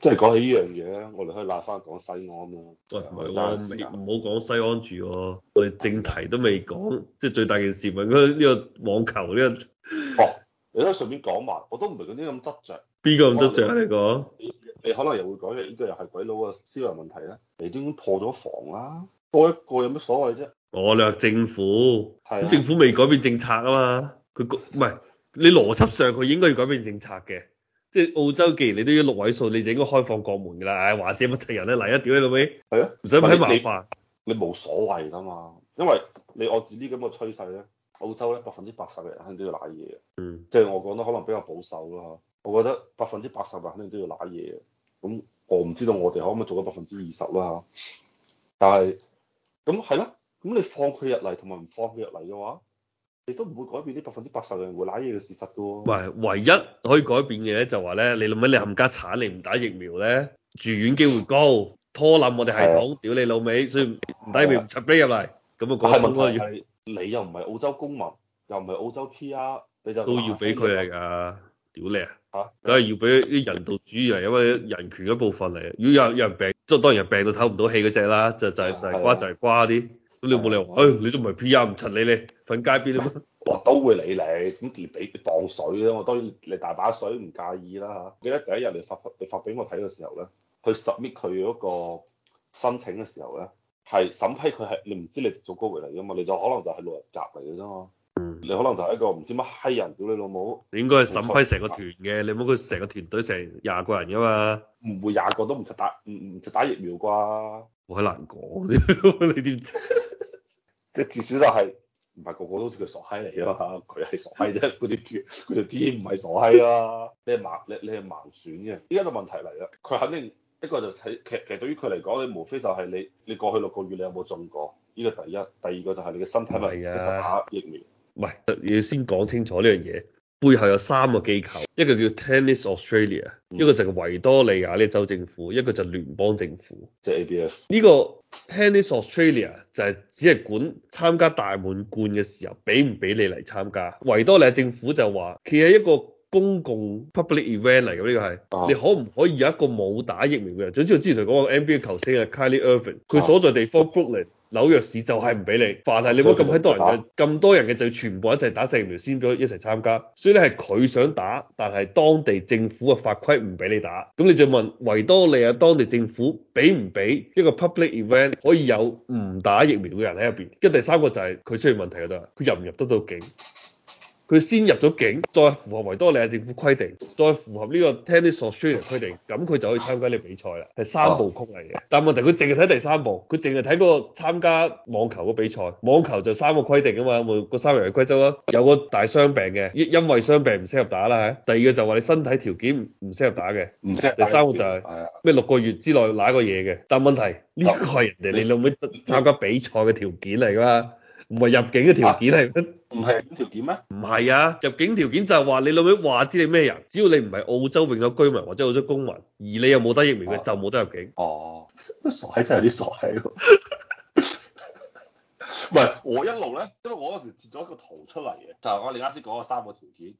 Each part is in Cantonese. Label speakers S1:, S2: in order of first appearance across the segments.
S1: 即係講起呢樣
S2: 嘢，我哋可以拉翻講西安啊嘛。喂、哎，唔係
S1: 我唔好講西安住、啊、我哋正題都未講，啊、即係最大件事咪呢個網球呢個。哦、啊，
S2: 你都順便講埋，我都唔係嗰啲咁執着。
S1: 邊個咁執着？啊？你講說？
S2: 你可能又會講，你呢個又係鬼佬嘅思維問題啦。你都已經破咗防啦，多一個有乜所謂啫？
S1: 我略、啊、政府，咁、啊、政府未改變政策啊嘛？佢唔係你邏輯上佢應該要改變政策嘅。即係澳洲，既然你都要六位數，你就應該開放國門噶啦。唉、哎，話借乜柒人咧？嚟啊，屌你老味，係啊，唔使咁麻煩，
S2: 你冇所謂噶嘛。因為你我自個趨勢呢，咁嘅趨勢咧，澳洲咧百分之八十嘅人肯定都要瀨嘢。嗯。即係我講得可能比較保守咯。我覺得百分之八十嘅人肯定都要瀨嘢嘅。咁我唔知道我哋可唔可以做到百分之二十啦。但係咁係啦。咁、啊、你放佢入嚟同埋唔放佢入嚟嘅話？你都唔會改變啲百分之八十嘅人會揦嘢嘅事實嘅
S1: 喎、啊。唯一可以改變嘅咧就話、是、咧，你諗下你冚家產，你唔打疫苗咧，住院機會高，拖冧我哋系統，的屌你老味，所以唔打疫苗唔插
S2: 飛入嚟，咁啊講咗你又唔係澳洲公民，又唔係澳洲 PR，你就都要俾佢嚟啊？屌你啊！嚇、
S1: 啊，梗係要俾啲人道主義嚟，因為人權一部分嚟，如果有有人病，即係當然人病到唞唔到氣嗰隻啦，就是、就是就係瓜
S2: 就係瓜啲。咁你冇理由話，哎，你都唔係 P.R. 唔襯的你，你瞓街邊啦？我都會理你，咁你俾當水咧。我當然你，你大把水唔介意啦嚇。記得第一日你發你發俾我睇嘅時候咧，去 submit 佢嗰個申請嘅時候咧，係審批佢係你唔知你做高危嚟噶嘛，你就可能就係路人甲嚟嘅啫嘛。嗯，你可能就係一個唔知乜閪人，屌你老母！
S1: 你應該係審批成個團嘅，錯你冇佢成個團隊成廿個人
S2: 噶嘛？唔會廿個都唔打，唔唔唔打疫苗啩？我好難講， 你點知？你至少就係唔係個個都似佢傻閪嚟啊？佢係傻閪啫，嗰啲啲啲唔係傻閪啦。你盲你你係盲選嘅，依家個問題嚟啦。佢肯定一個就睇、係，其實其實對於佢嚟講，你無非就係你你過去六個月你有冇中過？呢個第一，第二個就係你嘅身體咪適合打疫苗，啊。
S1: 唔係，你要先講清楚呢樣嘢。背後有三個機構，一個叫 Tennis Australia，一個就維多利亞呢州政府，一個就聯邦政府。即係 ABF。呢個 Tennis Australia 就係只係管參加大滿貫嘅時候，俾唔俾你嚟參加。維多利亞政府就話，其實一個公共 public event 嚟㗎，呢、呢個係你可唔可以有一個冇打疫苗嘅人？總之我之前同你講個 NBA 球星係 Kylie Irving，佢所在地方 Brooklyn。紐約市就係唔俾你，凡係你冇咁閪多人嘅，咁多人嘅就全部一齊打疫苗先咗一齊參加。所以咧係佢想打，但係當地政府嘅法規唔俾你打。咁你就問維多利亞當地政府俾唔俾一個 public event 可以有唔打疫苗嘅人喺入邊？跟住第三個就係佢出現問題就得啦，佢入唔入得到境？佢先入咗境，再符合維多利亞政府規定，再符合呢個 Tennis Australia 規定，咁佢就可以參加呢個比賽啦。係三部曲嚟嘅，但問題佢淨係睇第三部，佢淨係睇嗰個參加網球嘅比賽。網球就三個規定㗎嘛，個三樣嘅規則囉。有個大傷病嘅，因因為傷病唔適合打啦嚇。第二個就話你身體條件唔唔適合打嘅，唔適第三個就係、是、咩六個月之內攞個嘢嘅。但問題呢、這個係人哋你老妹參加比賽嘅條件嚟㗎嘛，唔係入境嘅條件嚟。啊
S2: 唔係境條
S1: 件咩？唔係啊！入境條件就係話你老母話知你咩人，只要你唔係澳洲永久居民或者澳洲公民，而你又冇得移民，佢、啊、就冇得入境。哦、啊，啲、啊、 傻閪真係有啲傻閪。唔 係是 我一
S2: 路咧，因為我嗰時截咗一個圖出嚟嘅，就是、我哋啱先講嘅三個條件，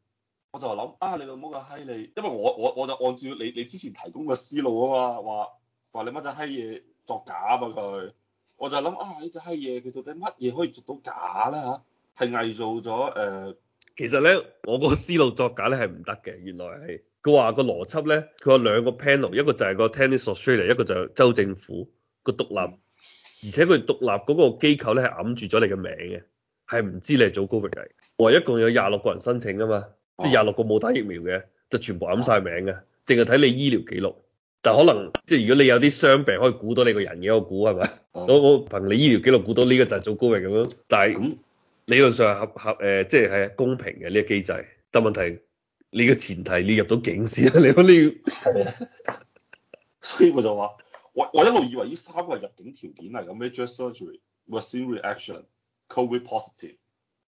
S2: 我就諗啊，你老母個閪你，因為我我我就按照你你之前提供嘅思路啊嘛，話話你乜隻閪嘢作假啊嘛佢，我就諗啊呢隻閪嘢，佢、啊、到底乜嘢可以做到假咧吓？係偽造咗
S1: 誒，呃、其實咧我嗰個思路作假咧係唔得嘅。原來係佢話個邏輯咧，佢有兩個 panel，一個就係個 Tennis Australia 嚟，一個就係州政府個獨立，而且佢獨立嗰個機構咧係揞住咗你嘅名嘅，係唔知你係祖高域嚟。我話一共有廿六個人申請啊嘛，即係廿六個冇打疫苗嘅，就全部揞晒名嘅，淨係睇你醫療記錄。但可能即係如果你有啲傷病，可以估到你個人嘅我估係咪？我我憑你醫療記錄估到呢個就係祖高域咁樣，但係咁。理論上係合合誒、呃，即係係公平嘅呢、這個機制。但問題你嘅前提你入到警線，你你要，
S2: 所以我就話，我我一路以為呢三個入境條件嚟，有 major surgery，vaccine reaction，covid positive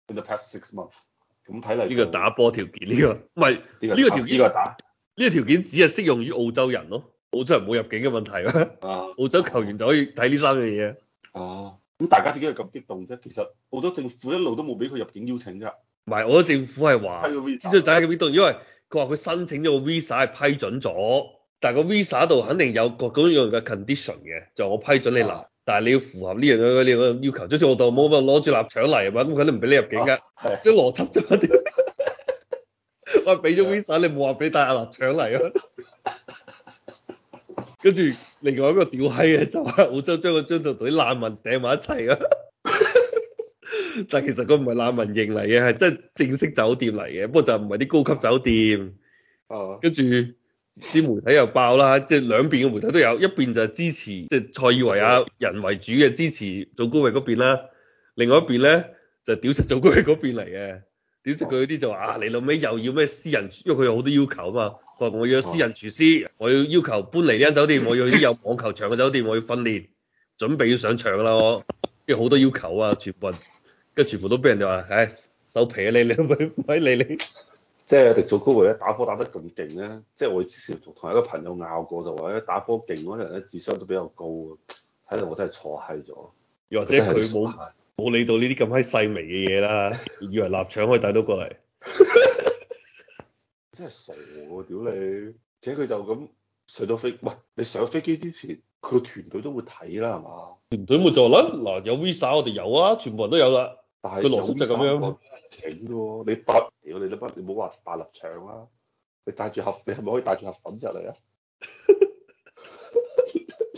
S2: in the past six months。咁
S1: 睇嚟呢個打波條件，呢、這個唔係呢個條件，呢、這個這個打呢個條件只係適用於澳洲人咯。澳洲人冇入境嘅問題啊，澳洲球員就可以睇呢三樣嘢。哦。咁大家自己係咁激動啫，其實澳洲政府一路都冇俾佢入境邀請啫。唔係，澳洲政府係話，isa, 只需要大家咁激度，因為佢話佢申請咗個 visa，係批准咗，但係個 visa 度肯定有各種樣嘅 condition 嘅，就是、我批准你嚟，的但係你要符合呢樣嘢，你個要求，即似我當冇話攞住臘腸嚟啊嘛，咁肯定唔俾你入境噶，啲邏輯一啲，我俾咗 visa，你冇話俾帶阿臘腸嚟啊， isa, 跟住。另外一個屌閪嘅就話澳洲將個張牀同啲難民掟埋一齊啊！但其實佢唔係難民營嚟嘅，係真正式酒店嚟嘅，不過就唔係啲高級酒店。哦、oh。跟住啲媒體又爆啦，即、就、係、是、兩邊嘅媒體都有，一邊就係支持即係、就是、塞爾維亞人為主嘅支持祖高域嗰邊啦，另外一邊咧就是、屌實祖高域嗰邊嚟嘅，屌出佢嗰啲就話啊，你老尾又要咩私人，因為佢有好多要求啊嘛。我要私人廚師，我要要求搬嚟呢間酒店，我要有網球場嘅酒店，我要訓練準備要上場啦，我即係好多要求啊，全部跟住全部都俾人哋話，唉，收皮，你你唔係
S2: 唔你你即係迪祖高維咧打波打得咁勁咧，即係我之前同一個朋友拗過就話，誒，打波勁嗰啲人咧智商都比較高啊，睇嚟我真係坐閪咗，又
S1: 或者佢冇冇理到呢啲咁閪細微嘅嘢啦，以為臘腸可以帶到過嚟。
S2: 真係傻喎！屌你，且佢就咁上咗飛，喂，你上飛機之前，佢個團隊都會睇啦，係嘛？團隊冇做啦，
S1: 嗱、嗯，有 visa 我哋有啊，全部人都有啦、啊。但係佢羅叔就咁樣，V 樣。請
S2: 喎、啊，你屌你你乜？你冇話大立場啊？你帶住盒，你係咪可以帶住盒粉出嚟啊？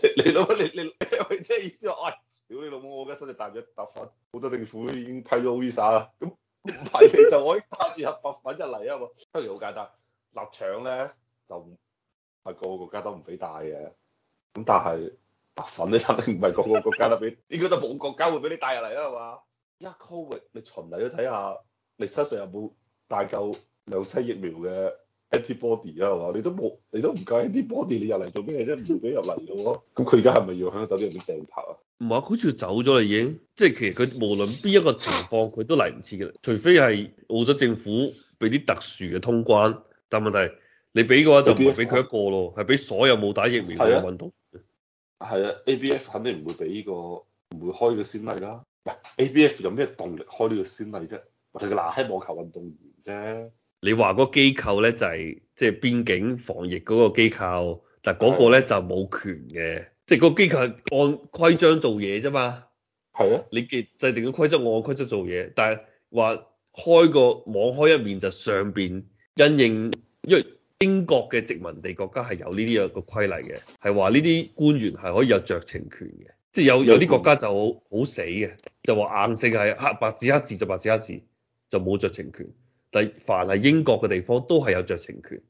S2: 你老母你你，即係意思話、啊，屌、哎、你老母，我嘅身就帶咗一笪粉。好多政府已經批咗 visa 啦，咁。唔係， 你就可以揸住入白粉入嚟啊嘛？不然好簡單，臘腸咧就係個個國家都唔俾帶嘅。咁但係白粉咧，肯定唔係個個國家都俾， 應該都冇國家會俾你帶入嚟啦，係嘛？一 covid，你循例都睇下，你身上有冇帶夠兩劑疫苗嘅？Antibody 啊嘛，你都冇，你都唔計 Antibody，你又嚟做咩啫？唔俾入嚟咯，咁佢而家係咪要喺酒店入面掟拍啊？
S1: 唔係，好似走咗啦已經。即係其實佢無論邊一個情況，佢都嚟唔切嘅，除非係澳洲政府俾啲特殊嘅通關。但問題你俾嘅話，就唔會俾佢一個咯，係俾 AB F,
S2: 所有冇打疫苗嘅運動。係啊，啊，ABF 肯定唔會俾呢、這個，唔會開呢、啊、個先例啦。唔 ABF 有咩動力開呢個先例啫？我哋個垃圾網球運動
S1: 員啫、啊。你話個機構咧就係即係邊境防疫嗰個機構，但嗰個咧就冇權嘅，即係嗰個機構係按規章做嘢啫嘛。係啊，你結制定嘅規則，我按規則做嘢。但係話開個網開一面，就上邊因應，因為英國嘅殖民地國家係有呢啲嘅個規例嘅，係話呢啲官員係可以有酌情權嘅，即係有有啲國家就好死嘅，就話硬性係黑白紙黑字就白紙黑字，就冇酌情權。第凡係英國嘅地方都係有着情權，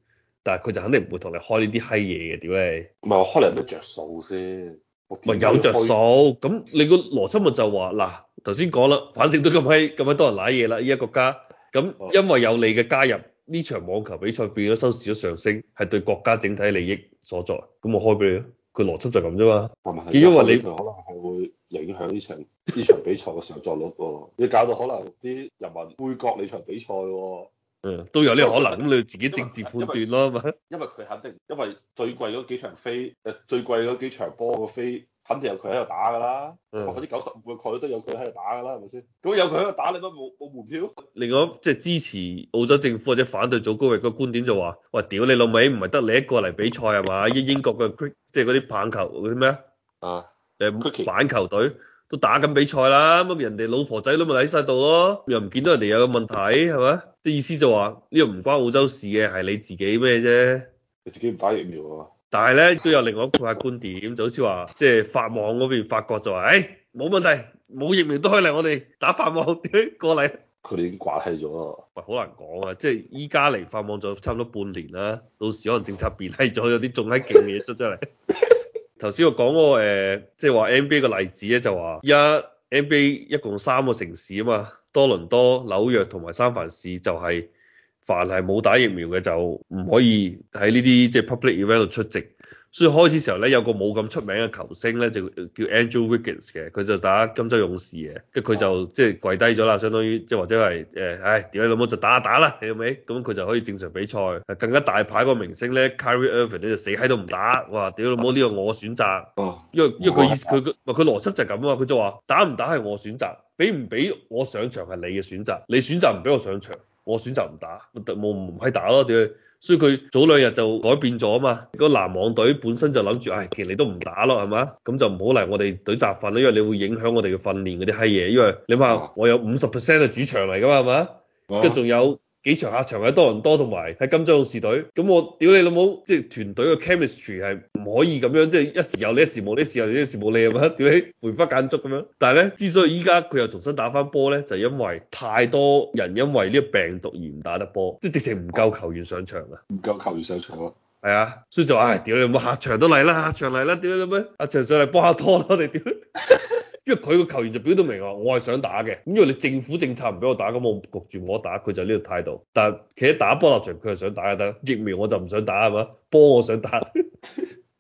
S1: 但係佢就肯定唔會同你開呢啲閪嘢嘅屌你！唔係我開,我開那你都著數先，唔有着數咁你個邏輯咪就話嗱頭先講啦，反正都咁閪咁閪多人攋嘢啦依家國家，咁因為有你嘅加入呢場網球比賽變咗收視咗上升，係對國家整體利益
S2: 所在。咁我開俾你咯。佢邏輯就係咁啫嘛。係咪？因到你可能係會,會。影響呢場呢場比賽嘅收座率喎，哦，你搞到可能啲人民杯葛呢場比賽喎，哦，嗯，都有呢個可能，咁為你要自己直接判斷咯咪，因為佢肯定，因為最貴嗰幾場飛，誒最貴嗰幾場波個飛，肯定有佢喺度打噶啦，百分之九十五嘅概率都有佢喺度打噶啦，係咪先？咁有佢喺度打，你都冇冇門票？
S1: 另外即係、就是、支持澳洲政府或者反對祖高域個觀點就話，喂，屌你老味，唔係得你一個嚟比賽係嘛？英英國嘅即係嗰啲棒球嗰啲咩啊？誒，板球隊都打緊比賽啦，咁人哋老婆仔都咪喺晒度咯，又唔見到人哋有個問題係嘛？即意思就話呢個唔關澳洲事嘅，係你自己咩啫？你自己唔打疫苗啊？但係咧都有另外一個觀點，就好似話即係法網嗰邊發覺就話，誒、欸，冇問題，冇疫苗都可以嚟我哋打法網，點 過嚟來？佢哋已經掛係咗，喂，好難講啊！即係依家嚟法網就差唔多半年啦，到時可能政策變係咗，有啲仲喺勁嘅嘢出出嚟。 頭先我講嗰個誒，即係話 NBA 個例子咧，就話一 NBA 一共三個城市啊嘛，多倫多、紐約同埋三藩市，就係凡係冇打疫苗嘅就唔可以喺呢啲即係 public event 度出席。所以開始時候咧，有個冇咁出名嘅球星咧，就叫 Angel Wiggins 嘅，佢就打金州勇士嘅，跟住佢就即係跪低咗啦，相當於即係或者係誒，唉，屌你老母就打啊打啦，啊，你明唔明？咁佢就可以正常比賽。更加大牌嗰個明星咧 Kyrie Irving 咧就死喺度唔打，哇！屌你老母呢個我選擇，因為因為佢意思，佢，佢邏輯就係咁啊，佢就話打唔打係我選擇，俾唔俾我上場係你嘅選擇，你選擇唔俾我上場，我選擇唔打，我唔係打咯，屌你！所以佢早兩日就改變咗啊嘛，個籃網隊本身就諗住，唉，其實你都唔打咯，係嘛？咁就唔好嚟我哋隊集訓啦，因為你會影響我哋嘅訓練嗰啲閪嘢，因為你話我有五十 percent 嘅主場嚟噶嘛，係嘛？跟住仲有。幾場客場係多倫多，同埋喺金州勇士隊，咁我屌你老母，即係團隊嘅 chemistry 係唔可以咁樣，即係一時有呢，一時冇呢，一時有呢，一時冇呢，你又乜？屌你，回花簡足咁樣。但係咧，之所以依家佢又重新打翻波咧，就係、因為太多人因為呢個病毒而唔打得波，即係直情唔夠球員上場啊！唔夠球員上場啊！係啊，所以就話，屌、哎、你老母，客場都嚟啦，客場嚟啦，屌你老樣，阿常上嚟幫下拖啦，我哋屌。 因為佢個球員就表到明話，我係想打嘅。咁因為你政府政策唔俾我打，咁我焗住我打，佢就呢個態度。但係企喺打波立場，佢係想打就得。疫苗我就唔想打係嘛？波我想打，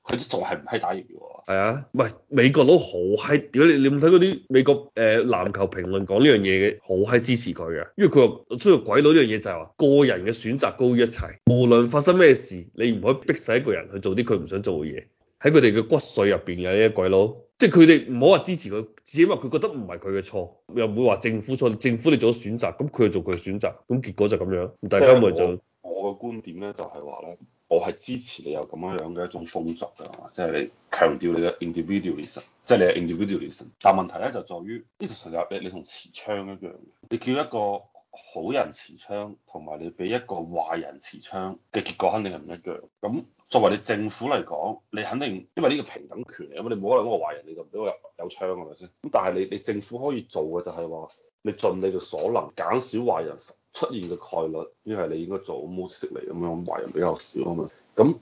S1: 佢都仲係唔閪打疫苗。係啊，唔係美國佬好閪。如果你你唔睇嗰啲美國誒呃、籃球評論講呢樣嘢嘅，好閪支持佢啊！因為佢話，需要鬼佬呢樣嘢就係話個人嘅選擇高於一切，無論發生咩事，你唔可以逼使一個人去做啲佢唔想做嘅嘢。喺佢哋嘅骨髓入邊嘅呢個鬼佬。即係佢哋唔好話支持佢，只因為佢覺得唔係佢嘅錯，又唔會話政府錯。政府你做咗選擇，咁佢就做佢嘅選擇，咁結果就咁
S2: 樣。大家唔係就，會就我嘅觀點咧，就係話咧，我係支持你有咁樣樣嘅一種風俗嘅，即係你強調你嘅 individualism，即係你嘅 individualism。但係問題咧就在於呢條成日你同持槍一樣，你叫一個好人持槍，同埋你俾一個壞人持槍嘅結果肯定係唔一樣。咁作為你政府嚟講，你肯定因為呢個平等權嚟啊嘛，你冇可能嗰個壞人你就唔俾我有槍啊，係咪先？咁但係你你政府可以做嘅就係話，你盡你嘅所能減少壞人出現嘅概率，因為你應該做好模式嚟咁樣，壞人比較少啊嘛。咁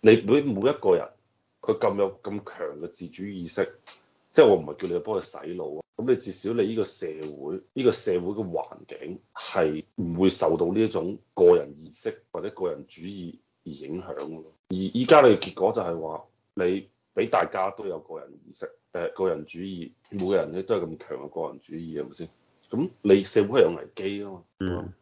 S2: 你每每一個人，佢咁有咁強嘅自主意識，即係我唔係叫你去幫佢洗腦啊。咁你至少你呢個社會，呢、呢個社會嘅環境係唔會受到呢一種個人意識或者個人主義。而影響而依家你結果就係話你俾大家都有個人意識，誒、呃、個人主義，每個人咧都係咁強嘅個人主義，係咪先？咁你社會係有危機啊嘛，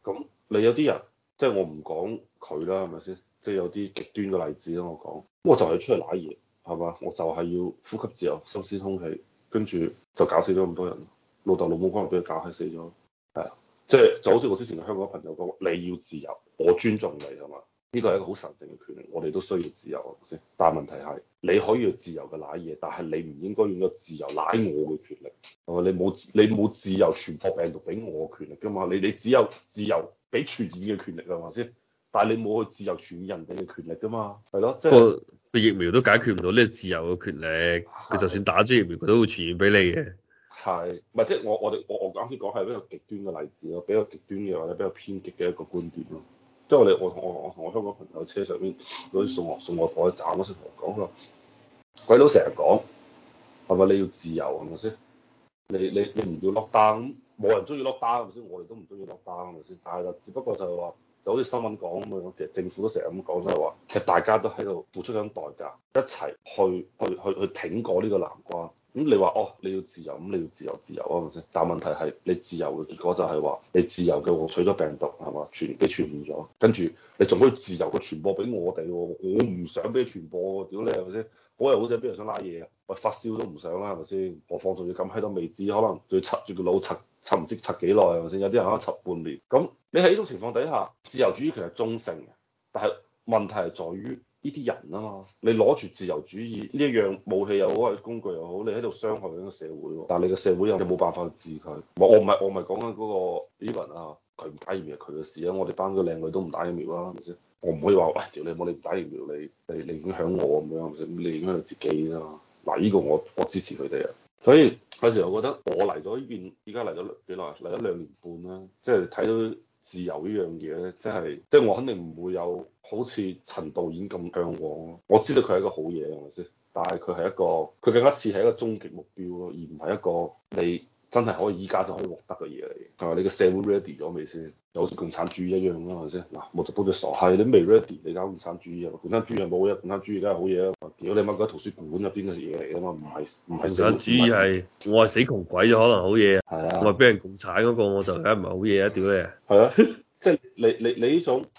S2: 咁、嗯、你有啲人即係、就是、我唔講佢啦，係咪先？即、就、係、是、有啲極端嘅例子啦，我講，我就係出去攋嘢係嘛，我就係要呼吸自由、呼吸新鮮空氣，跟住就搞死咗咁多人，老豆老母可能俾佢搞係死咗，係，即係就好似我之前嘅香港朋友講，你要自由，我尊重你係嘛？呢個係一個好神聖嘅權力，我哋都需要自由先？但係問題係，你可以有自由嘅奶嘢，但係你唔應該用咗自由奶奶我嘅權力，係你冇你冇自由傳播病毒俾我嘅權力噶嘛？你你只有自由俾傳染嘅權力啊嘛先，但係你冇去自由傳染人哋嘅權力噶嘛？係咯，即係個疫
S1: 苗都解決唔到呢個自由嘅權力，佢就算打咗疫苗，佢都會傳染俾你嘅。
S2: 係，咪即係我我我我啱先講係比較極端嘅例子咯，比較極端嘅或者比較偏激嘅一個觀點咯。即係我我同我我同我香港朋友車上邊嗰啲送餸送外貨啲閂嗰時同佢講話，鬼佬成日講係咪？係咪你要自由係咪先？你你你唔要 lock down 冇人中意 lock down 係咪先？我哋都唔中意 lock down 係咪先？但係就只不過就係話，就好似新聞講咁樣，其實政府都成日咁講就係話，其實大家都喺度付出緊代價，一齊去去去去，去挺過呢個難關。」咁你話哦，你要自由，咁你要自由，自由啊，係咪先？但問題係你自由嘅結果就係話你自由嘅獲取咗病毒係嘛傳俾傳染咗，跟住你仲可以自由嘅傳播俾我哋喎、哦，我唔想俾佢傳播，屌你係咪先？我又好似，邊、哎、個想拉嘢啊？咪發燒都唔想啦，係咪先？何況仲要咁喺度未知，可能仲要插住個腦插插唔知插幾耐係咪先？有啲人可能插半年。咁你喺呢種情況底下，自由主義其實中性嘅，但係問題係在於，呢啲人啊嘛，你攞住自由主義呢一樣武器又好，係工具又好，你喺度傷害緊個社會喎。但係你個社會又又冇辦法治佢。我我唔係我唔係講緊嗰個 Irving 啊，佢唔打疫苗佢嘅事啊，我哋班個靚女都唔打疫苗啊，係咪先？我唔可以話喂，屌、哎、你冇你唔打疫苗你你你影響我咁樣，你影響自己啊。嗱呢個我我支持佢哋啊。所以有時候覺得我嚟咗呢邊，而家嚟咗幾耐？嚟咗兩年半啦，即係睇到。自由呢樣嘢咧，即係即係我肯定唔會有好似陳導演咁嚮往咯。我知道佢係一個好嘢，係咪先？但係佢係一個，佢更加似係一個終極目標咯，而唔係一個你。真係可以依家就可以獲得嘅嘢嚟，係嘛？你嘅社會 ready 咗未先？就好似共產主義一樣啦、啊，係咪先？嗱，毛澤東啲傻係你未 ready，你搞共產主義啊？共產主義係冇嘢，共產主義梗係好嘢啊！屌你媽個圖書館入邊嘅嘢嚟啊嘛？唔係唔係。共產主義係、啊、
S1: 是我係死窮鬼咗，可能好嘢。係啊，我係俾人共產嗰、那個，我就梗係唔係好嘢啊！屌你係啊！即、就、係、
S2: 是、你你你呢種。